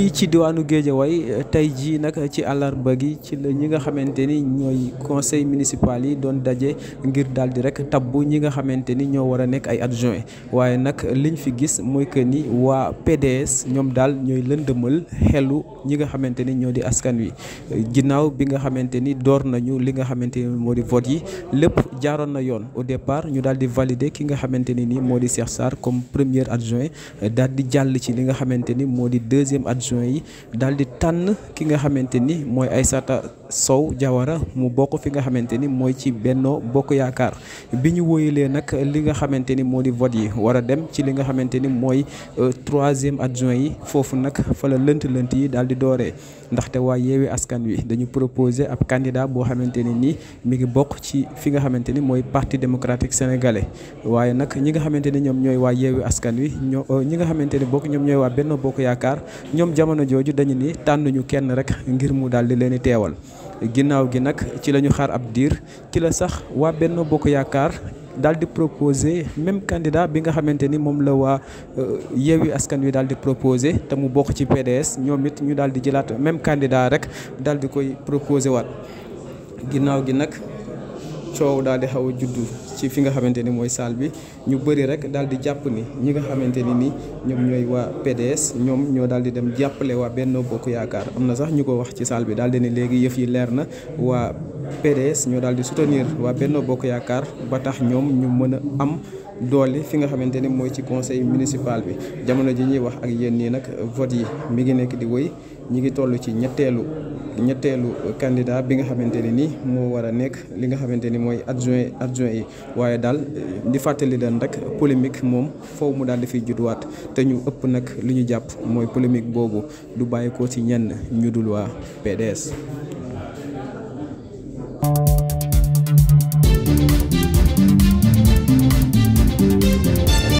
fii ci diwaanu Guédiawaye tey jii nag ci àllarba gi ci la ñi nga xamante ni ñooy conseil municipal yi doon daje ngir daal di rek tabbu ñi nga xamante ni ñoo war a nekk ay adjoint waaye nag liñ fi gis mooy que ni waa PDS ñoom daal ñooy lëndëmal xelu ñi nga xamante ni ñoo di askan wi ginnaaw bi nga xamante ni door nañu li nga xamante ni moo di vote yi lépp jaaroon na yoon au départ ñu daal di valider ki nga xamante ni moo di seex Sarr comme première adjoint daal élection yi daal di tànn ki nga xamante ni mooy Aïssata Sow Diawara mu bokk fi nga xamante ni mooy ci Benno Bokk Yaakaar bi ñu wóoyalee nag li nga xamante ni moo di vote yi war a dem ci li nga xamante ni mooy euh, troisième adjoint yi foofu nag fa la lënt lënt yi daal di dooree ndaxte waa yeewi askan wi dañu proposer ab candidat boo xamante ne nii mu ngi bokk ci fi nga xamante ni mooy parti démocratique sénégalais waaye nag ñi nga xamante ni ñoom ñooy waa yeewi askan wi ñoo euh, ñi nga xamante ni bokk ñoom ñooy waa Benno Bokk Yaakaar jamono jooju dañu ni tànn tànnuñu kenn rek ngir mu daal di leen di teewal ginnaaw gi nag ci la ñu xaar ab diir ci la sax waa benn Bokk Yaakaar daal di proposer même candidat bi nga xamante ni moom la waa euh, Yewwi Askan Wi daal di proposer te mu bokk ci PDS ñoom it ñu daal di jëlaat même candidat rek daal di koy proposé waat ginnaaw gi nag coow daal di xaw a juddu ci fi nga xamante ni mooy salle bi ñu bëri rek daal di jàpp ni ñi nga xamante ni nii ñoom ñooy waa PDS ñoom ñoo daal di dem jàppale waa Benno Bokk Yaakaar am na sax ñu ko wax ci salle bi daal di ne léegi yëf yi leer na waa PDS ñoo daal di soutenir waa Benno Bokk Yaakaar ba tax ñoom ñu mën a am doole fi nga xamante ni mooy ci conseil municipal bi jamono ji ñuy wax ak yéen nii nag vote yi mi ngi nekk di wëy ñi ngi toll ci ñetteelu ñetteelu candidat bi nga xamante ne ni moo war a nekk li nga xamante ni mooy adjoint adjoint yi waaye daal di fàttali daan rek polémique moom foofu mu daal di fiy judduwaat te ñu ëpp nag li ñu jàpp mooy polémique boobu du bàyyi ko ci ñenn ñu dul waa PDS.